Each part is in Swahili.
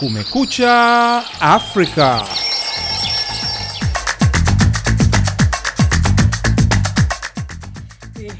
Kumekucha Afrika.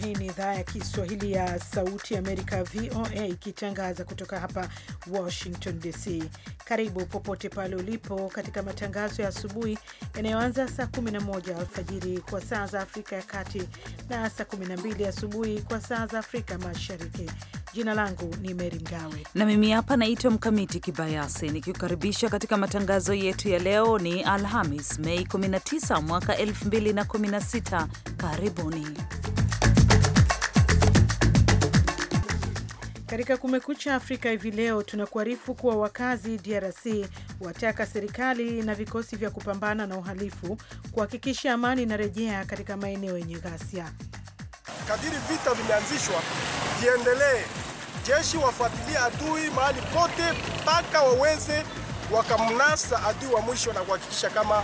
Hii ni idhaa ya Kiswahili ya Sauti Amerika, VOA, ikitangaza kutoka hapa Washington DC. Karibu popote pale ulipo katika matangazo ya asubuhi yanayoanza saa 11 alfajiri kwa saa za Afrika ya Kati na saa 12 asubuhi kwa saa za Afrika Mashariki. Jina langu ni Meri Mgawe na mimi hapa naitwa Mkamiti Kibayasi nikikukaribisha katika matangazo yetu ya leo. Ni Alhamis, Mei 19 mwaka 2016. Karibuni katika Kumekucha Afrika. Hivi leo tunakuarifu kuwa wakazi DRC wataka serikali na vikosi vya kupambana na uhalifu kuhakikisha amani inarejea katika maeneo yenye ghasia. Kadiri vita vimeanzishwa viendelee jeshi wafuatilie adui mahali pote mpaka waweze wakamnasa adui wa mwisho na kuhakikisha kama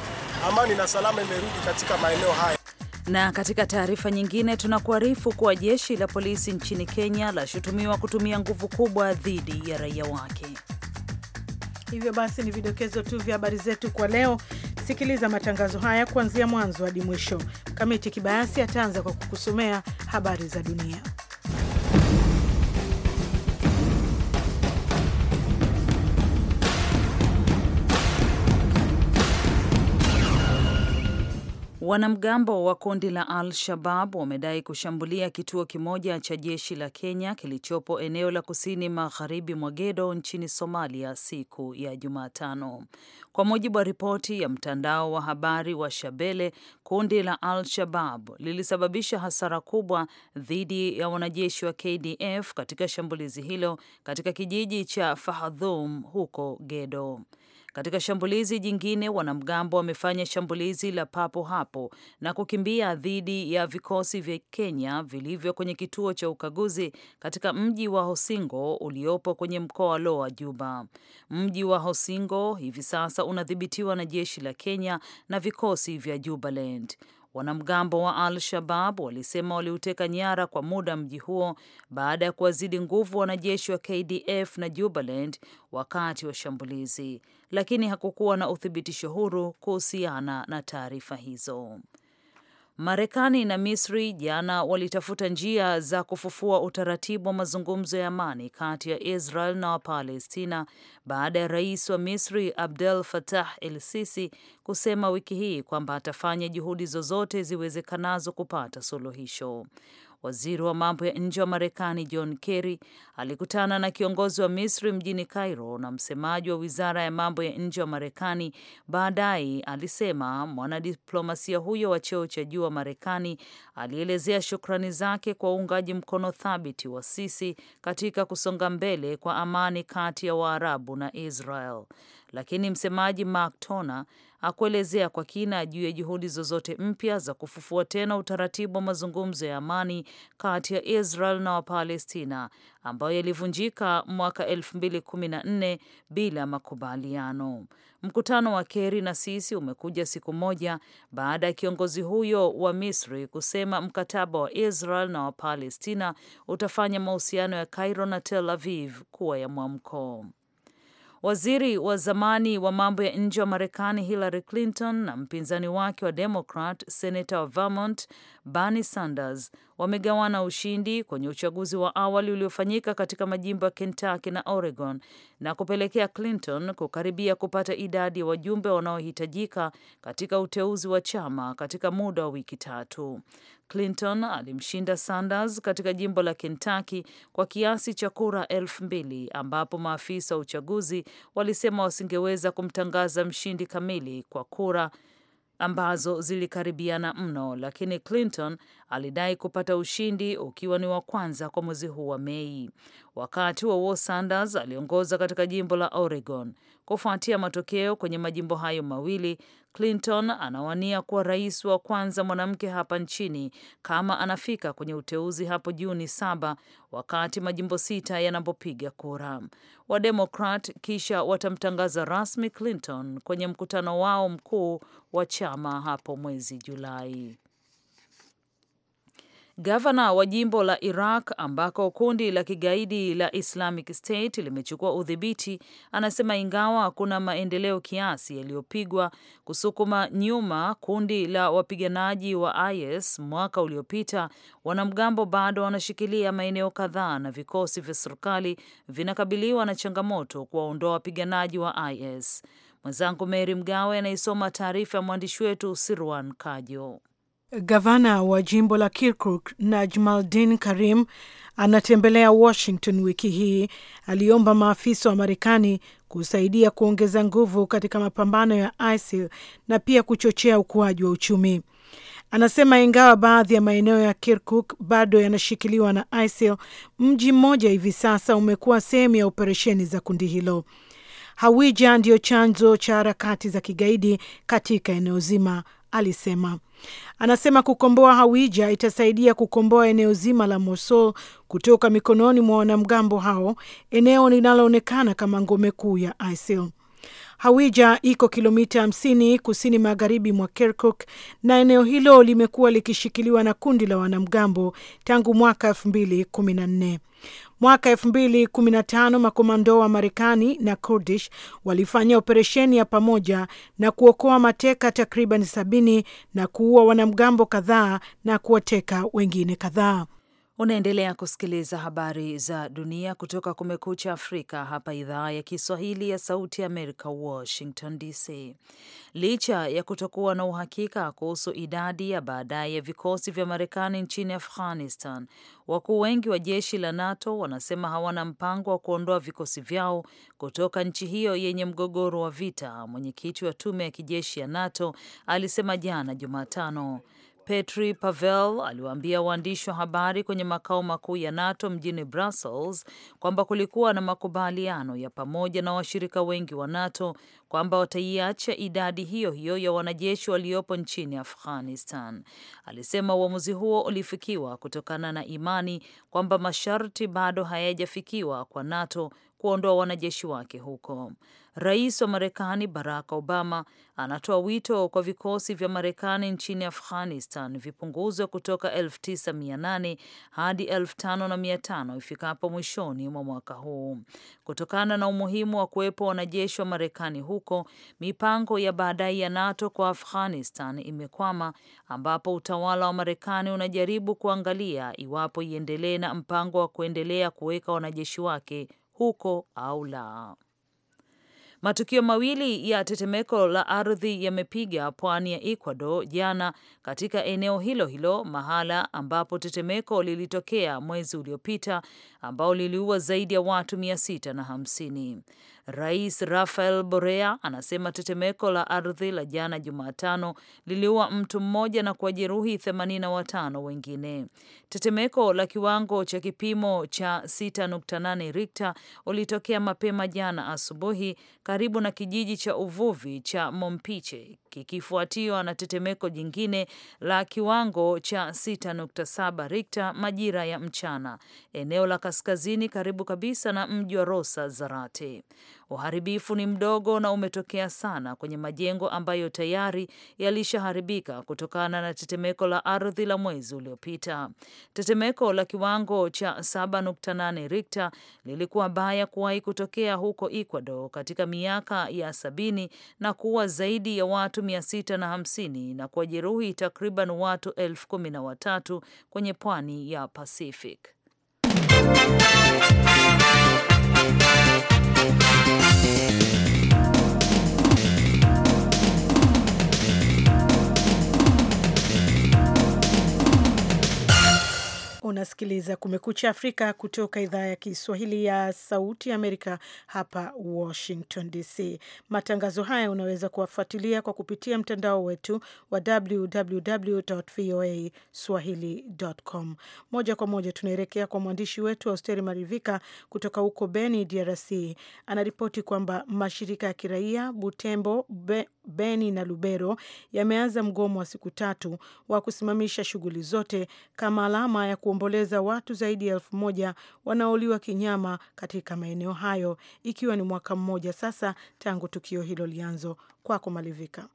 amani na salama imerudi katika maeneo haya. Na katika taarifa nyingine tunakuarifu kuwa jeshi la polisi nchini Kenya lashutumiwa kutumia nguvu kubwa dhidi ya raia wake. Hivyo basi ni vidokezo tu vya habari zetu kwa leo. Sikiliza matangazo haya kuanzia mwanzo hadi mwisho. Mkamiti Kibayasi ataanza kwa kukusomea habari za dunia. Wanamgambo wa kundi la Al-Shabab wamedai kushambulia kituo kimoja cha jeshi la Kenya kilichopo eneo la kusini magharibi mwa Gedo nchini Somalia siku ya Jumatano. Kwa mujibu wa ripoti ya mtandao wa habari wa Shabele, kundi la Al-Shabab lilisababisha hasara kubwa dhidi ya wanajeshi wa KDF katika shambulizi hilo katika kijiji cha Fahadhum huko Gedo. Katika shambulizi jingine, wanamgambo wamefanya shambulizi la papo hapo na kukimbia dhidi ya vikosi vya Kenya vilivyo kwenye kituo cha ukaguzi katika mji wa Hosingo uliopo kwenye mkoa wa Loa Juba. Mji wa Hosingo hivi sasa unadhibitiwa na jeshi la Kenya na vikosi vya Jubaland. Wanamgambo wa Al-Shabab walisema waliuteka nyara kwa muda mji huo baada ya kuwazidi nguvu wanajeshi wa KDF na Jubaland wakati wa shambulizi lakini hakukuwa na uthibitisho huru kuhusiana na taarifa hizo. Marekani na Misri jana walitafuta njia za kufufua utaratibu wa mazungumzo ya amani kati ya Israel na Wapalestina baada ya rais wa Misri Abdel Fattah El Sisi kusema wiki hii kwamba atafanya juhudi zozote ziwezekanazo kupata suluhisho. Waziri wa mambo ya nje wa Marekani John Kerry alikutana na kiongozi wa Misri mjini Cairo, na msemaji wa wizara ya mambo ya nje wa Marekani baadaye alisema mwanadiplomasia huyo wa cheo cha juu wa Marekani alielezea shukrani zake kwa uungaji mkono thabiti wa Sisi katika kusonga mbele kwa amani kati ya Waarabu na Israel. Lakini msemaji Mark Toner hakuelezea kwa kina juu ya juhudi zozote mpya za kufufua tena utaratibu wa mazungumzo ya amani kati ya Israel na Wapalestina ambayo yalivunjika mwaka 2014 bila makubaliano. Mkutano wa Keri na Sisi umekuja siku moja baada ya kiongozi huyo wa Misri kusema mkataba wa Israel na Wapalestina utafanya mahusiano ya Cairo na Tel Aviv kuwa ya mwamko. Waziri wa zamani wa mambo ya nje wa Marekani Hillary Clinton na mpinzani wake wa Demokrat senata wa Vermont Bernie Sanders wamegawana ushindi kwenye uchaguzi wa awali uliofanyika katika majimbo ya Kentucky na Oregon na kupelekea Clinton kukaribia kupata idadi ya wajumbe wanaohitajika katika uteuzi wa chama katika muda wa wiki tatu. Clinton alimshinda Sanders katika jimbo la Kentucky kwa kiasi cha kura elfu mbili ambapo maafisa wa uchaguzi walisema wasingeweza kumtangaza mshindi kamili kwa kura ambazo zilikaribiana mno, lakini Clinton alidai kupata ushindi ukiwa ni wa kwanza kwa mwezi huu wa Mei. Wakati wa huo, Sanders aliongoza katika jimbo la Oregon. Kufuatia matokeo kwenye majimbo hayo mawili, Clinton anawania kuwa rais wa kwanza mwanamke hapa nchini kama anafika kwenye uteuzi hapo Juni saba wakati majimbo sita yanapopiga kura. Wademokrat kisha watamtangaza rasmi Clinton kwenye mkutano wao mkuu wa chama hapo mwezi Julai. Gavana wa jimbo la Iraq ambako kundi la kigaidi la Islamic State limechukua udhibiti anasema ingawa kuna maendeleo kiasi yaliyopigwa kusukuma nyuma kundi la wapiganaji wa IS mwaka uliopita, wanamgambo bado wanashikilia maeneo kadhaa na vikosi vya serikali vinakabiliwa na changamoto kuwaondoa wapiganaji wa IS. Mwenzangu Meri Mgawe anaisoma taarifa ya mwandishi wetu Sirwan Kajo. Gavana wa jimbo la Kirkuk Najmaldin Karim anatembelea Washington wiki hii. Aliomba maafisa wa Marekani kusaidia kuongeza nguvu katika mapambano ya ISIL na pia kuchochea ukuaji wa uchumi. Anasema ingawa baadhi ya maeneo ya Kirkuk bado yanashikiliwa na ISIL, mji mmoja hivi sasa umekuwa sehemu ya operesheni za kundi hilo. Hawija ndiyo chanzo cha harakati za kigaidi katika eneo zima alisema. Anasema kukomboa Hawija itasaidia kukomboa eneo zima la Mosul kutoka mikononi mwa wanamgambo hao, eneo linaloonekana kama ngome kuu ya ISIL. Hawija iko kilomita 50 kusini magharibi mwa Kirkuk na eneo hilo limekuwa likishikiliwa na kundi la wanamgambo tangu mwaka e214 Mwaka tano makomando wa Marekani na Kurdish walifanya operesheni ya pamoja na kuokoa mateka takriban sabini na kuua wanamgambo kadhaa na kuwateka wengine kadhaa. Unaendelea kusikiliza habari za dunia kutoka Kumekucha Afrika hapa idhaa ya Kiswahili ya Sauti ya Amerika, Washington DC. Licha ya kutokuwa na uhakika kuhusu idadi ya baadaye ya vikosi vya Marekani nchini Afghanistan, wakuu wengi wa jeshi la NATO wanasema hawana mpango wa kuondoa vikosi vyao kutoka nchi hiyo yenye mgogoro wa vita, mwenyekiti wa tume ya kijeshi ya NATO alisema jana Jumatano. Petri Pavel aliwaambia waandishi wa habari kwenye makao makuu ya NATO mjini Brussels kwamba kulikuwa na makubaliano ya pamoja na washirika wengi wa NATO kwamba wataiacha idadi hiyo hiyo ya wanajeshi waliopo nchini Afghanistan. Alisema uamuzi huo ulifikiwa kutokana na imani kwamba masharti bado hayajafikiwa kwa NATO kuondoa wanajeshi wake huko. Rais wa Marekani Barack Obama anatoa wito kwa vikosi vya Marekani nchini Afghanistan vipunguzwe kutoka 9800 hadi 5500 ifikapo mwishoni mwa mwaka huu, kutokana na umuhimu wa kuwepo wanajeshi wa Marekani huko huko, mipango ya baadaye ya NATO kwa Afghanistan imekwama, ambapo utawala wa Marekani unajaribu kuangalia iwapo iendelee na mpango wa kuendelea kuweka wanajeshi wake huko au la. Matukio mawili ya tetemeko la ardhi yamepiga pwani ya Ecuador jana katika eneo hilo hilo mahala ambapo tetemeko lilitokea mwezi uliopita ambao liliua zaidi ya watu mia sita na hamsini. Rais Rafael Borea anasema tetemeko la ardhi la jana Jumatano liliua mtu mmoja na kuwajeruhi 85 wengine. Tetemeko la kiwango cha kipimo cha 6.8 Richter ulitokea mapema jana asubuhi karibu na kijiji cha uvuvi cha Mompiche kikifuatiwa na tetemeko jingine la kiwango cha 6.7 Richter majira ya mchana eneo la kaskazini karibu kabisa na mji wa Rosa Zarate. Uharibifu ni mdogo na umetokea sana kwenye majengo ambayo tayari yalishaharibika kutokana na tetemeko la ardhi la mwezi uliopita. Tetemeko la kiwango cha 7.8 rikta lilikuwa baya kuwahi kutokea huko Ecuador katika miaka ya sabini na kuua zaidi ya watu mia sita na hamsini na kuwajeruhi takriban watu elfu kumi na watatu kwenye pwani ya Pacific. Yeah. Unasikiliza Kumekucha Afrika kutoka idhaa ya Kiswahili ya Sauti Amerika, hapa Washington DC. Matangazo haya unaweza kuwafuatilia kwa kupitia mtandao wetu wa www voa swahili.com. Moja kwa moja tunaelekea kwa mwandishi wetu Austeri Marivika kutoka huko Beni, DRC. Anaripoti kwamba mashirika ya kiraia Butembo, Beni na Lubero yameanza mgomo wa siku tatu wa kusimamisha shughuli zote kama alama ya kuomboleza watu zaidi ya elfu moja wanaouliwa kinyama katika maeneo hayo, ikiwa ni mwaka mmoja sasa tangu tukio hilo lianzo. Kwako Malivika.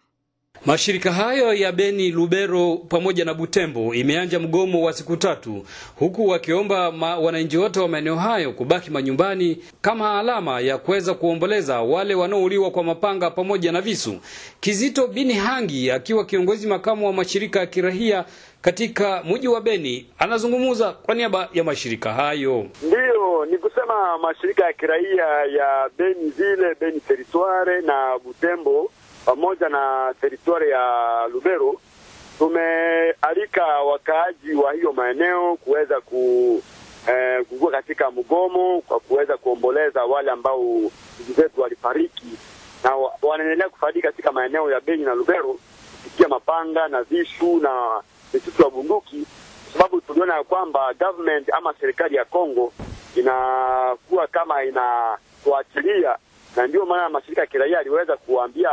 Mashirika hayo ya Beni, Lubero pamoja na Butembo imeanza mgomo wa siku tatu, huku wakiomba wananchi wote wa maeneo hayo kubaki manyumbani kama alama ya kuweza kuomboleza wale wanaouliwa kwa mapanga pamoja na visu. Kizito Bini Hangi akiwa kiongozi makamu wa mashirika ya kirahia katika mji wa Beni anazungumza kwa niaba ya mashirika hayo. Ndiyo, ni kusema mashirika ya kirahia ya Beni zile Beni teritware na Butembo pamoja na teritori ya Lubero tumealika wakaaji wa hiyo maeneo kuweza ku eh, kukua katika mgomo kwa kuweza kuomboleza wale ambao ndugu zetu walifariki na wanaendelea kufariki katika maeneo ya Beni na Lubero kupitia mapanga na visu na misitu ya bunduki, kwa sababu tuliona ya kwamba government ama serikali ya Kongo inakuwa kama inatuachilia, na ndio maana mashirika ya kiraia aliweza kuambia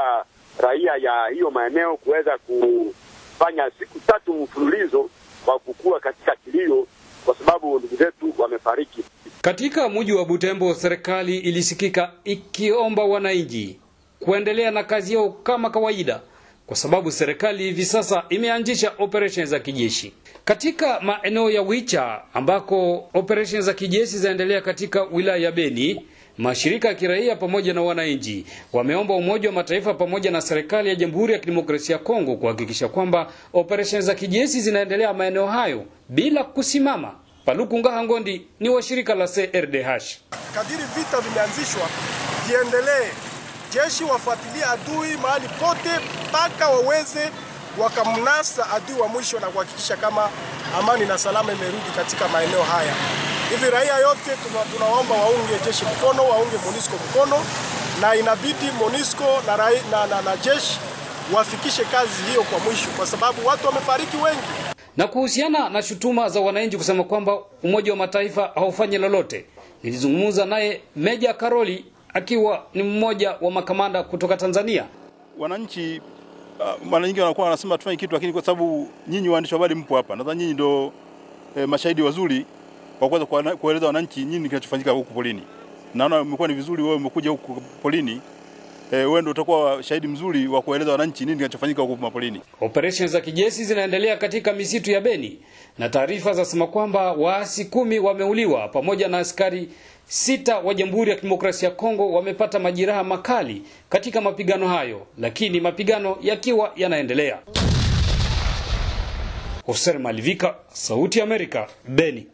raia ya hiyo maeneo kuweza kufanya siku tatu mfululizo wa kukua katika kilio, kwa sababu ndugu zetu wamefariki. Katika mji wa Butembo, serikali ilisikika ikiomba wananchi kuendelea na kazi yao kama kawaida, kwa sababu serikali hivi sasa imeanzisha operesheni za kijeshi katika maeneo ya Wicha ambako operesheni za kijeshi zaendelea katika wilaya ya Beni. Mashirika ya kiraia pamoja na wananchi wameomba Umoja wa Mataifa pamoja na serikali ya Jamhuri ya Kidemokrasia ya Kongo kuhakikisha kwamba operesheni za kijeshi zinaendelea maeneo hayo bila kusimama. Paluku Ngaha Ngondi ni wa shirika la CRDH. Kadiri vita vimeanzishwa viendelee, jeshi wafuatilie adui mahali pote mpaka waweze wakamnasa adui wa mwisho na kuhakikisha kama amani na salama imerudi katika maeneo haya. Hivi raia yote tunaomba waunge jeshi mkono, waunge Monisco mkono, na inabidi Monisco na, na, na, na jeshi wafikishe kazi hiyo kwa mwisho, kwa sababu watu wamefariki wengi. Na kuhusiana na shutuma za wananchi kusema kwamba Umoja wa Mataifa haufanyi lolote, nilizungumza naye Meja Karoli akiwa ni mmoja wa makamanda kutoka Tanzania. Wananchi uh, mara nyingi wanakuwa wanasema tufanye kitu, lakini kwa sababu nyinyi waandishi wa habari mpo hapa, nadhani nyinyi ndio eh, mashahidi wazuri kwa kuweza kueleza wananchi nini kinachofanyika huku polini Naona umekuwa ni vizuri wewe umekuja huku e, wewe ndio utakuwa shahidi mzuri wa kueleza wananchi nini kinachofanyika huko mapolini. Operesheni za kijeshi zinaendelea katika misitu ya Beni na taarifa zinasema kwamba waasi kumi wameuliwa pamoja na askari sita wa Jamhuri ya Kidemokrasia ya Kongo wamepata majeraha makali katika mapigano hayo, lakini mapigano yakiwa yanaendelea. Hoser Malivika, Sauti ya Amerika, Beni.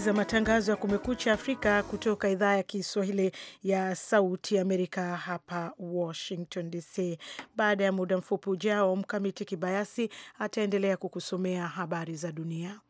kusikiliza matangazo ya Kumekucha Afrika kutoka idhaa ya Kiswahili ya Sauti Amerika hapa Washington DC. Baada ya muda mfupi ujao, Mkamiti Kibayasi ataendelea kukusomea habari za dunia.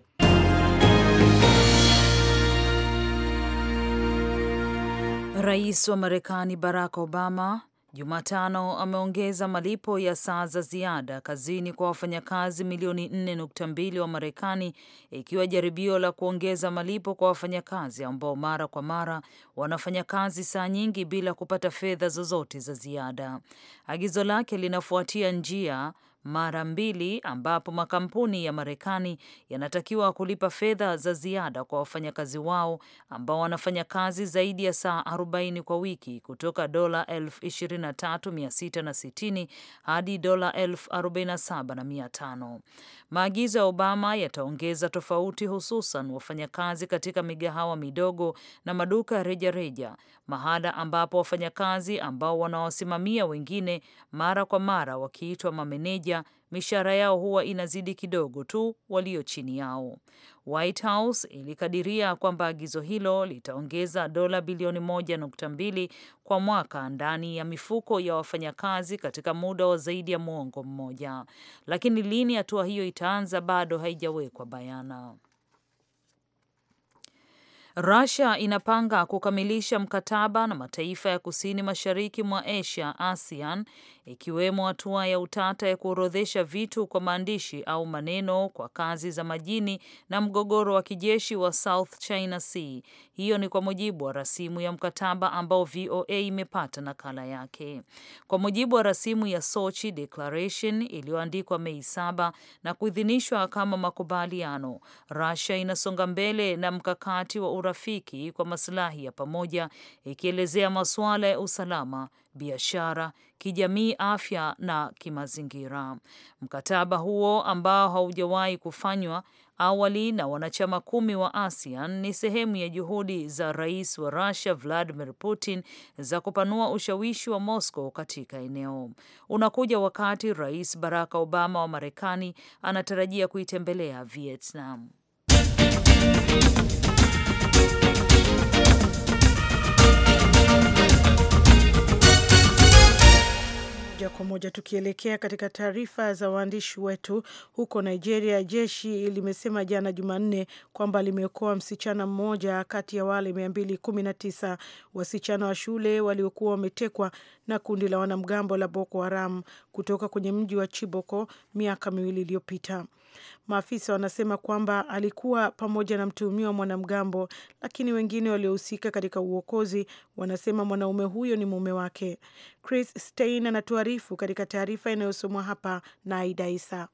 Rais wa Marekani Barack Obama Jumatano ameongeza malipo ya saa za ziada kazini kwa wafanyakazi milioni 4.2 wa Marekani, ikiwa jaribio la kuongeza malipo kwa wafanyakazi ambao mara kwa mara wanafanya kazi saa nyingi bila kupata fedha zozote za ziada. Agizo lake linafuatia njia mara mbili ambapo makampuni ya Marekani yanatakiwa kulipa fedha za ziada kwa wafanyakazi wao ambao wanafanya kazi zaidi ya saa 40 kwa wiki kutoka dola 23660 hadi dola 47500. Maagizo ya Obama yataongeza tofauti, hususan wafanyakazi katika migahawa midogo na maduka ya rejareja, mahala ambapo wafanyakazi ambao wanawasimamia wengine mara kwa mara wakiitwa mameneja mishahara yao huwa inazidi kidogo tu walio chini yao. White House ilikadiria kwamba agizo hilo litaongeza dola bilioni 1.2 kwa mwaka ndani ya mifuko ya wafanyakazi katika muda wa zaidi ya mwongo mmoja, lakini lini hatua hiyo itaanza bado haijawekwa bayana. Russia inapanga kukamilisha mkataba na mataifa ya kusini mashariki mwa Asia ASEAN ikiwemo hatua ya utata ya kuorodhesha vitu kwa maandishi au maneno kwa kazi za majini na mgogoro wa kijeshi wa South China Sea. Hiyo ni kwa mujibu wa rasimu ya mkataba ambao VOA imepata nakala yake. Kwa mujibu wa rasimu ya Sochi Declaration iliyoandikwa Mei saba na kuidhinishwa kama makubaliano, Russia inasonga mbele na mkakati wa urafiki kwa masilahi ya pamoja, ikielezea masuala ya usalama, biashara, kijamii kijamii, afya na kimazingira. Mkataba huo ambao haujawahi kufanywa awali na wanachama kumi wa ASEAN ni sehemu ya juhudi za rais wa Russia Vladimir Putin za kupanua ushawishi wa Moscow katika eneo. Unakuja wakati Rais Barack Obama wa Marekani anatarajia kuitembelea Vietnam. Moja kwa moja tukielekea katika taarifa za waandishi wetu huko Nigeria, jeshi limesema jana Jumanne kwamba limeokoa msichana mmoja kati ya wale 219 wasichana wa shule waliokuwa wametekwa na kundi la wanamgambo la Boko Haram kutoka kwenye mji wa Chiboko miaka miwili iliyopita. Maafisa wanasema kwamba alikuwa pamoja na mtuhumiwa mwanamgambo, lakini wengine waliohusika katika uokozi wanasema mwanaume huyo ni mume wake. Chris Stein anatuari taarifu katika taarifa inayosomwa hapa na Aida Isa.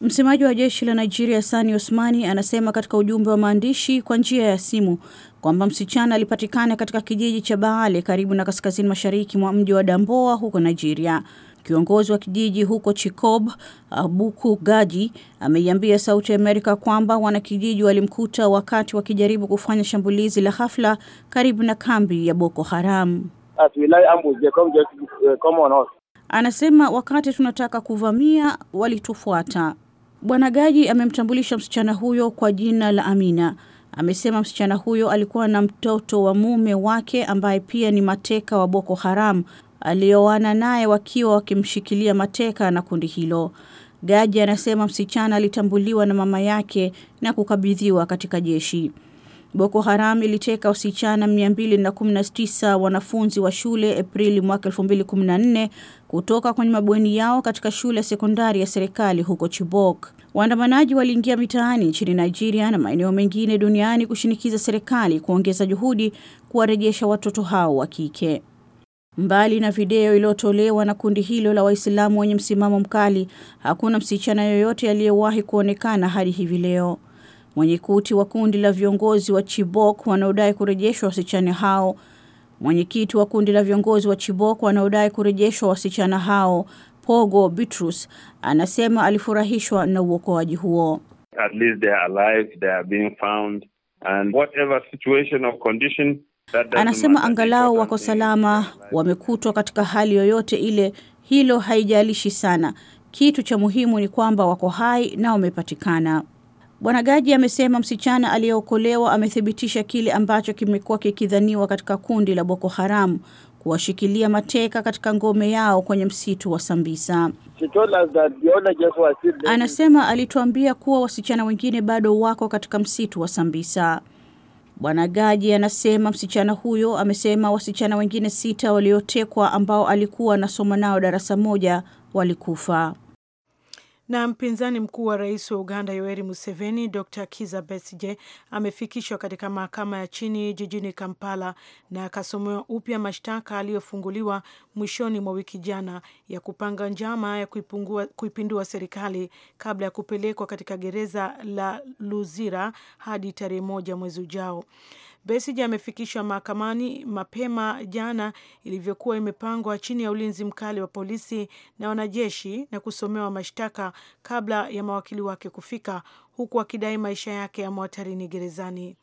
Msemaji wa jeshi la Nigeria Sani Osmani anasema katika ujumbe wa maandishi kwa njia ya simu kwamba msichana alipatikana katika kijiji cha Baale karibu na kaskazini mashariki mwa mji wa Damboa huko Nigeria. Kiongozi wa kijiji huko Chikob, Abuku Gaji, ameiambia Sauti ya Amerika kwamba wanakijiji walimkuta wakati wakijaribu kufanya shambulizi la ghafla karibu na kambi ya Boko Haram. Anasema wakati tunataka kuvamia walitufuata. Bwana Gaji amemtambulisha msichana huyo kwa jina la Amina. Amesema msichana huyo alikuwa na mtoto wa mume wake ambaye pia ni mateka wa Boko Haram aliyoana naye wakiwa wakimshikilia mateka na kundi hilo. Gaji anasema msichana alitambuliwa na mama yake na kukabidhiwa katika jeshi. Boko Haram iliteka wasichana 219 wanafunzi wa shule Aprili mwaka 2014 kutoka kwenye mabweni yao katika shule ya sekondari ya serikali huko Chibok. Waandamanaji waliingia mitaani nchini Nigeria na maeneo mengine duniani kushinikiza serikali kuongeza juhudi kuwarejesha watoto hao wa kike. Mbali na video iliyotolewa na kundi hilo la Waislamu wenye msimamo mkali, hakuna msichana yoyote aliyewahi kuonekana hadi hivi leo mwenyekiti wa kundi la viongozi wa Chibok wanaodai kurejeshwa wasichana hao. Mwenyekiti wa kundi la viongozi wa Chibok wanaodai kurejeshwa wasichana hao, Pogo Bitrus, anasema alifurahishwa na uokoaji huo. At least they are alive, they are being found and whatever situation or condition Anasema angalau wako salama, wamekutwa katika hali yoyote ile, hilo haijalishi sana. Kitu cha muhimu ni kwamba wako hai na wamepatikana. Bwana Gaji amesema msichana aliyeokolewa amethibitisha kile ambacho kimekuwa kikidhaniwa katika kundi la Boko Haram kuwashikilia mateka katika ngome yao kwenye msitu wa Sambisa. Anasema alituambia kuwa wasichana wengine bado wako katika msitu wa Sambisa. Bwana Gaji anasema msichana huyo amesema wasichana wengine sita waliotekwa ambao alikuwa anasoma nao darasa moja walikufa. Na mpinzani mkuu wa rais wa Uganda Yoweri Museveni, Dr Kiza Besije amefikishwa katika mahakama ya chini jijini Kampala na akasomewa upya mashtaka aliyofunguliwa mwishoni mwa wiki jana ya kupanga njama ya kuipungua, kuipindua serikali kabla ya kupelekwa katika gereza la Luzira hadi tarehe moja mwezi ujao. Besigye amefikishwa mahakamani mapema jana ilivyokuwa imepangwa chini ya ulinzi mkali wa polisi na wanajeshi na kusomewa mashtaka kabla ya mawakili wake kufika, huku akidai maisha yake yamo hatarini gerezani.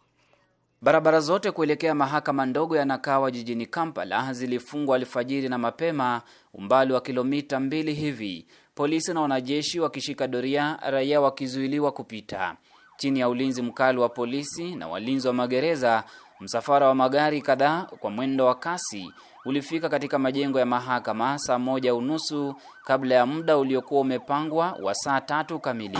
Barabara zote kuelekea mahakama ndogo ya Nakawa jijini Kampala zilifungwa alfajiri na mapema, umbali wa kilomita mbili hivi, polisi na wanajeshi wakishika doria, raia wakizuiliwa kupita. Chini ya ulinzi mkali wa polisi na walinzi wa magereza, msafara wa magari kadhaa kwa mwendo wa kasi ulifika katika majengo ya mahakama saa moja unusu kabla ya muda uliokuwa umepangwa wa saa tatu kamili.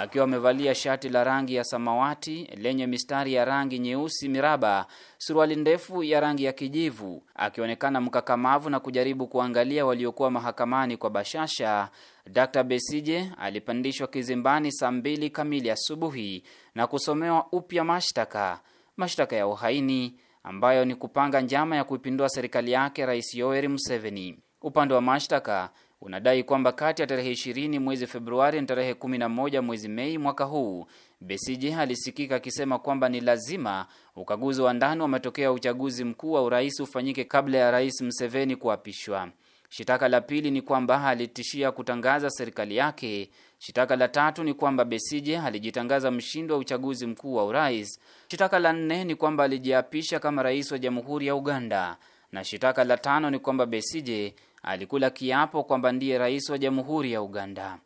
Akiwa amevalia shati la rangi ya samawati lenye mistari ya rangi nyeusi miraba, suruali ndefu ya rangi ya kijivu, akionekana mkakamavu na kujaribu kuangalia waliokuwa mahakamani kwa bashasha, Dr. Besije alipandishwa kizimbani saa mbili kamili asubuhi na kusomewa upya mashtaka mashtaka ya uhaini ambayo ni kupanga njama ya kuipindua serikali yake Rais Yoweri Museveni. Upande wa mashtaka unadai kwamba kati ya tarehe 20 mwezi Februari na tarehe 11 mwezi Mei mwaka huu, Besije alisikika akisema kwamba ni lazima ukaguzi wa ndani wa matokeo ya uchaguzi mkuu wa urais ufanyike kabla ya Rais Museveni kuapishwa. Shitaka la pili ni kwamba alitishia kutangaza serikali yake. Shitaka la tatu ni kwamba Besije alijitangaza mshindi wa uchaguzi mkuu wa urais. Shitaka la nne ni kwamba alijiapisha kama rais wa jamhuri ya Uganda, na shitaka la tano ni kwamba Besije alikula kiapo kwamba ndiye rais wa jamhuri ya Uganda.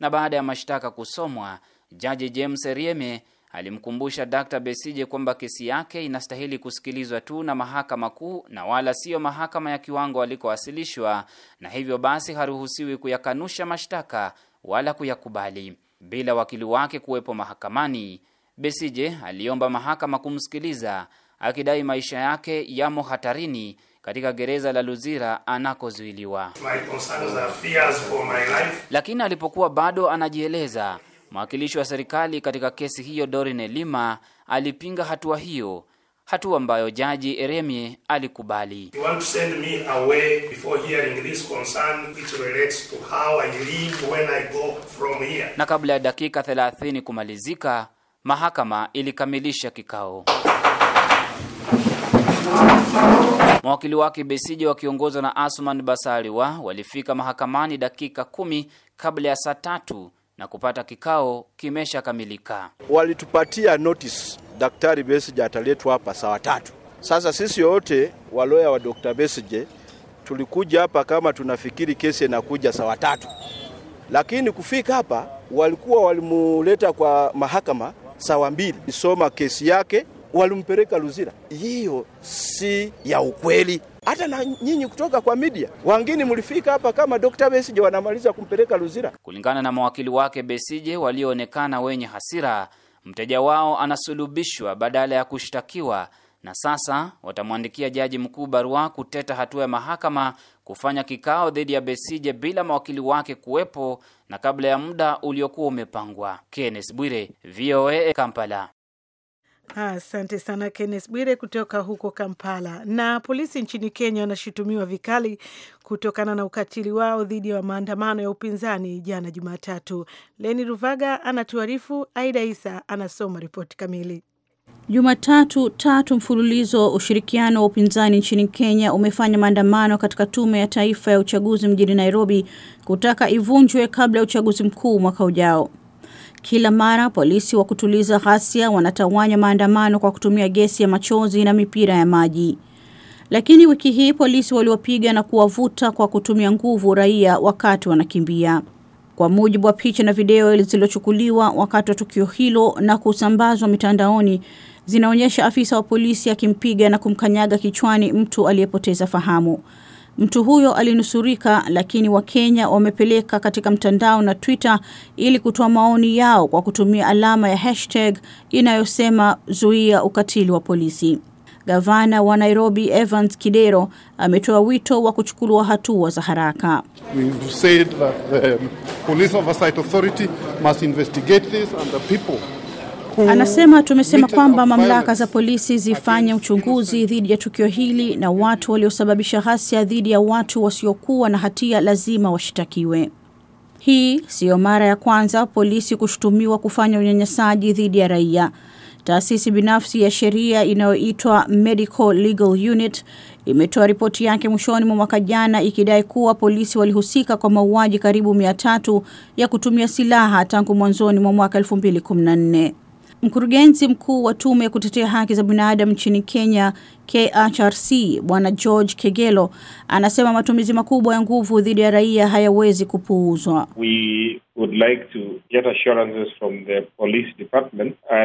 Na baada ya mashtaka kusomwa, jaji James Rieme Alimkumbusha Dr. Besije kwamba kesi yake inastahili kusikilizwa tu na mahakama kuu na wala siyo mahakama ya kiwango alikowasilishwa, na hivyo basi haruhusiwi kuyakanusha mashtaka wala kuyakubali. Bila wakili wake kuwepo mahakamani, Besije aliomba mahakama kumsikiliza akidai maisha yake yamo hatarini katika gereza la Luzira anakozuiliwa. Lakini alipokuwa bado anajieleza Mwakilishi wa serikali katika kesi hiyo Dorine Lima alipinga hatua hiyo, hatua ambayo jaji Eremie alikubali. Na kabla ya dakika 30 kumalizika, mahakama ilikamilisha kikao. Mawakili wake Besije wakiongozwa na Asman Basariwa walifika mahakamani dakika kumi kabla ya saa tatu na kupata kikao kimeshakamilika. Walitupatia notice Daktari Besigye ataletwa hapa saa tatu. Sasa sisi wote waloya wa Dr. Besigye tulikuja hapa kama tunafikiri kesi inakuja saa tatu, lakini kufika hapa walikuwa walimuleta kwa mahakama saa mbili isoma kesi yake walimpeleka Luzira. Hiyo si ya ukweli. Hata na nyinyi kutoka kwa media wangini mlifika hapa kama Dr. Besije wanamaliza kumpeleka Luzira. Kulingana na mawakili wake Besije walioonekana wenye hasira, mteja wao anasulubishwa badala ya kushtakiwa na sasa watamwandikia jaji mkuu barua kuteta hatua ya mahakama kufanya kikao dhidi ya Besije bila mawakili wake kuwepo na kabla ya muda uliokuwa umepangwa. Kenneth Bwire, VOA Kampala. Asante sana Kennes Bwire kutoka huko Kampala. Na polisi nchini Kenya wanashutumiwa vikali kutokana na ukatili wao dhidi ya wa maandamano ya upinzani jana Jumatatu. Leni Ruvaga anatuarifu. Aida Isa anasoma ripoti kamili. Jumatatu tatu mfululizo, ushirikiano wa upinzani nchini Kenya umefanya maandamano katika tume ya taifa ya uchaguzi mjini Nairobi kutaka ivunjwe kabla ya uchaguzi mkuu mwaka ujao. Kila mara polisi wa kutuliza ghasia wanatawanya maandamano kwa kutumia gesi ya machozi na mipira ya maji. Lakini wiki hii polisi waliwapiga na kuwavuta kwa kutumia nguvu raia wakati wanakimbia. Kwa mujibu wa picha na video zilizochukuliwa wakati wa tukio hilo na kusambazwa mitandaoni, zinaonyesha afisa wa polisi akimpiga na kumkanyaga kichwani mtu aliyepoteza fahamu. Mtu huyo alinusurika, lakini Wakenya wamepeleka katika mtandao na Twitter ili kutoa maoni yao kwa kutumia alama ya hashtag inayosema zuia ukatili wa polisi. Gavana wa Nairobi Evans Kidero ametoa wito wa kuchukuliwa hatua za haraka. We said that the police oversight authority must investigate this and the people Anasema tumesema kwamba mamlaka za polisi zifanye uchunguzi dhidi ya tukio hili na watu waliosababisha ghasia dhidi ya watu wasiokuwa na hatia lazima washitakiwe Hii siyo mara ya kwanza polisi kushutumiwa kufanya unyanyasaji dhidi ya raia. Taasisi binafsi ya sheria inayoitwa Medical Legal Unit imetoa ripoti yake mwishoni mwa mwaka jana ikidai kuwa polisi walihusika kwa mauaji karibu mia tatu ya kutumia silaha tangu mwanzoni mwa mwaka e214 Mkurugenzi mkuu wa tume ya kutetea haki za binadamu nchini Kenya KHRC Bwana George Kegelo anasema matumizi makubwa ya nguvu dhidi ya raia hayawezi kupuuzwa. like uh,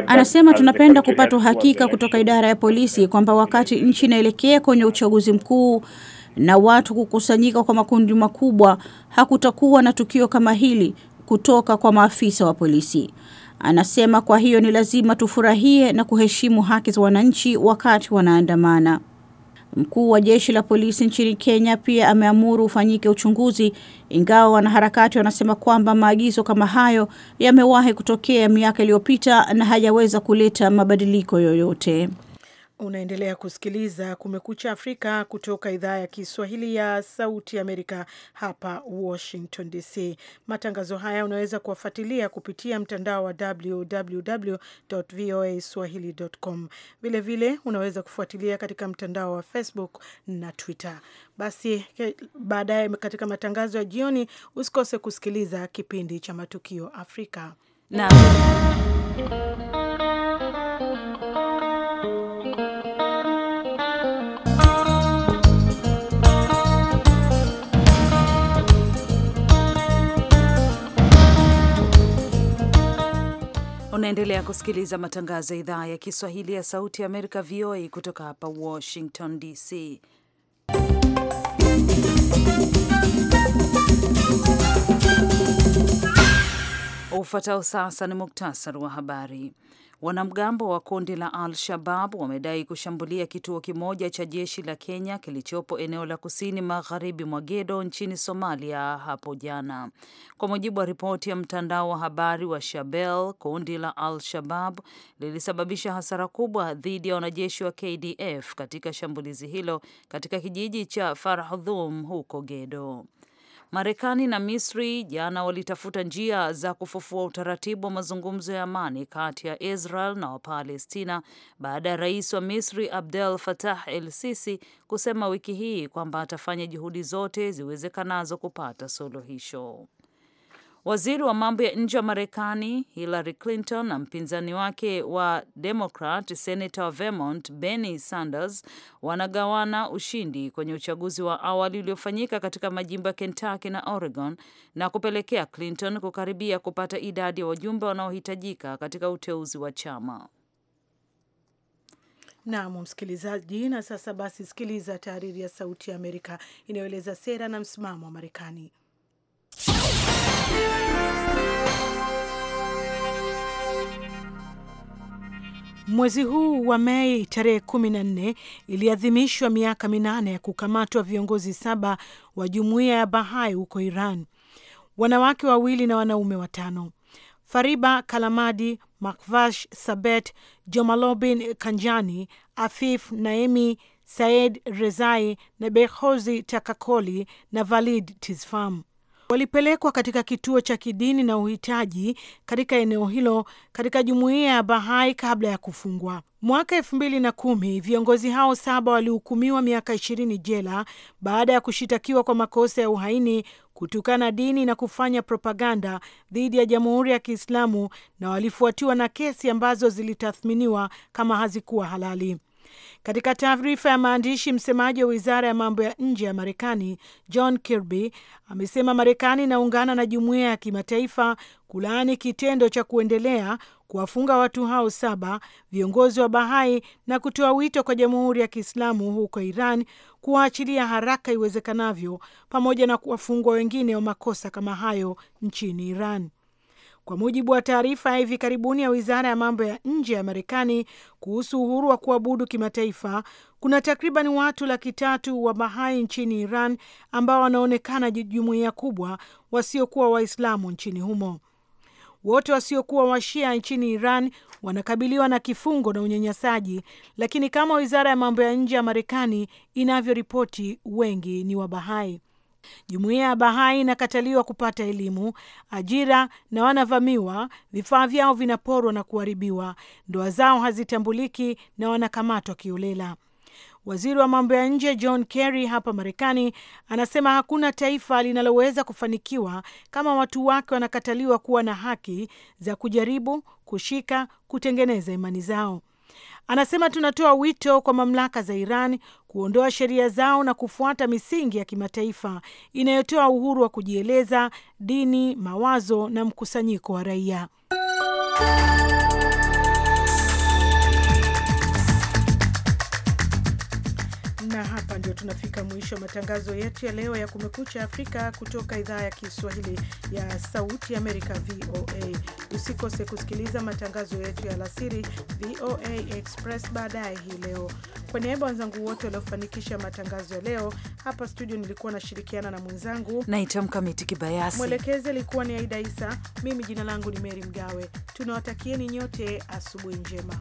Anasema tunapenda kupata uhakika kutoka idara ya polisi kwamba wakati nchi inaelekea kwenye uchaguzi mkuu na watu kukusanyika kwa makundi makubwa, hakutakuwa na tukio kama hili kutoka kwa maafisa wa polisi. Anasema kwa hiyo ni lazima tufurahie na kuheshimu haki za wananchi wakati wanaandamana. Mkuu wa jeshi la polisi nchini Kenya pia ameamuru ufanyike uchunguzi, ingawa wanaharakati wanasema kwamba maagizo kama hayo yamewahi kutokea miaka iliyopita na hayaweza kuleta mabadiliko yoyote. Unaendelea kusikiliza Kumekucha Afrika kutoka idhaa ya Kiswahili ya Sauti Amerika, hapa Washington DC. Matangazo haya unaweza kuwafuatilia kupitia mtandao wa www voa swahili.com. Vilevile unaweza kufuatilia katika mtandao wa Facebook na Twitter. Basi baadaye katika matangazo ya jioni usikose kusikiliza kipindi cha Matukio Afrika na Unaendelea kusikiliza matangazo ya idhaa ya Kiswahili ya Sauti ya Amerika, VOA, kutoka hapa Washington DC. Ufuatao sasa ni muktasari wa habari. Wanamgambo wa kundi la Al-Shabab wamedai kushambulia kituo kimoja cha jeshi la Kenya kilichopo eneo la kusini magharibi mwa Gedo nchini Somalia hapo jana. Kwa mujibu wa ripoti ya mtandao wa habari wa shabel kundi la Al-Shabab lilisababisha hasara kubwa dhidi ya wanajeshi wa KDF katika shambulizi hilo katika kijiji cha Farhudhum huko Gedo. Marekani na Misri jana walitafuta njia za kufufua utaratibu wa mazungumzo ya amani kati ya Israel na Wapalestina baada ya rais wa Misri Abdel Fattah El Sisi kusema wiki hii kwamba atafanya juhudi zote ziwezekanazo kupata suluhisho. Waziri wa mambo ya nje wa Marekani Hillary Clinton na mpinzani wake wa demokrat senato Vermont Bernie Sanders wanagawana ushindi kwenye uchaguzi wa awali uliofanyika katika majimbo ya Kentucky na Oregon na kupelekea Clinton kukaribia kupata idadi ya wajumbe wanaohitajika katika uteuzi wa chama. Nam msikilizaji, na sasa basi sikiliza tahariri ya Sauti ya Amerika inayoeleza sera na msimamo wa Marekani. Mwezi huu wa Mei tarehe kumi na nne iliadhimishwa miaka minane ya kukamatwa viongozi saba wa jumuiya ya Bahai huko Iran, wanawake wawili na wanaume watano. Fariba Kalamadi, Makvash Sabet, Jomalobin Kanjani, Afif Naemi, Said Rezai na Behozi Takakoli na Valid Tisfam walipelekwa katika kituo cha kidini na uhitaji katika eneo hilo katika jumuiya ya Bahai kabla ya kufungwa. Mwaka elfu mbili na kumi viongozi hao saba walihukumiwa miaka ishirini jela baada ya kushitakiwa kwa makosa ya uhaini, kutukana dini na kufanya propaganda dhidi ya Jamhuri ya Kiislamu, na walifuatiwa na kesi ambazo zilitathminiwa kama hazikuwa halali. Katika taarifa ya maandishi, msemaji wa wizara ya mambo ya nje ya Marekani John Kirby amesema Marekani inaungana na jumuiya ya kimataifa kulaani kitendo cha kuendelea kuwafunga watu hao saba viongozi wa Bahai na kutoa wito kwa Jamhuri ya Kiislamu huko Iran kuwaachilia haraka iwezekanavyo, pamoja na kuwafungwa wengine wa makosa kama hayo nchini Iran. Kwa mujibu wa taarifa ya hivi karibuni ya wizara ya mambo ya nje ya Marekani kuhusu uhuru wa kuabudu kimataifa, kuna takriban watu laki tatu wa Bahai nchini Iran ambao wanaonekana jumuiya kubwa wasiokuwa Waislamu nchini humo. Wote wasiokuwa Washia nchini Iran wanakabiliwa na kifungo na unyanyasaji, lakini kama wizara ya mambo ya nje ya Marekani inavyoripoti, wengi ni Wabahai. Jumuiya ya Bahai inakataliwa kupata elimu, ajira na wanavamiwa, vifaa vyao vinaporwa na kuharibiwa, ndoa zao hazitambuliki na wanakamatwa kiolela. Waziri wa mambo ya nje John Kerry hapa Marekani anasema hakuna taifa linaloweza kufanikiwa kama watu wake wanakataliwa kuwa na haki za kujaribu, kushika, kutengeneza imani zao. Anasema tunatoa wito kwa mamlaka za Iran kuondoa sheria zao na kufuata misingi ya kimataifa inayotoa uhuru wa kujieleza, dini, mawazo na mkusanyiko wa raia. tunafika mwisho wa matangazo yetu ya leo ya Kumekucha Afrika kutoka idhaa ya Kiswahili ya Sauti Amerika, VOA. Usikose kusikiliza matangazo yetu ya alasiri, VOA Express, baadaye hii leo. Kwa niaba wenzangu wote waliofanikisha matangazo ya leo hapa studio, nilikuwa nashirikiana na mwenzangu naitwa Mkamiti Kibayasi, mwelekezi alikuwa ni Aida Isa, mimi jina langu ni Meri Mgawe. Tunawatakieni nyote asubuhi njema.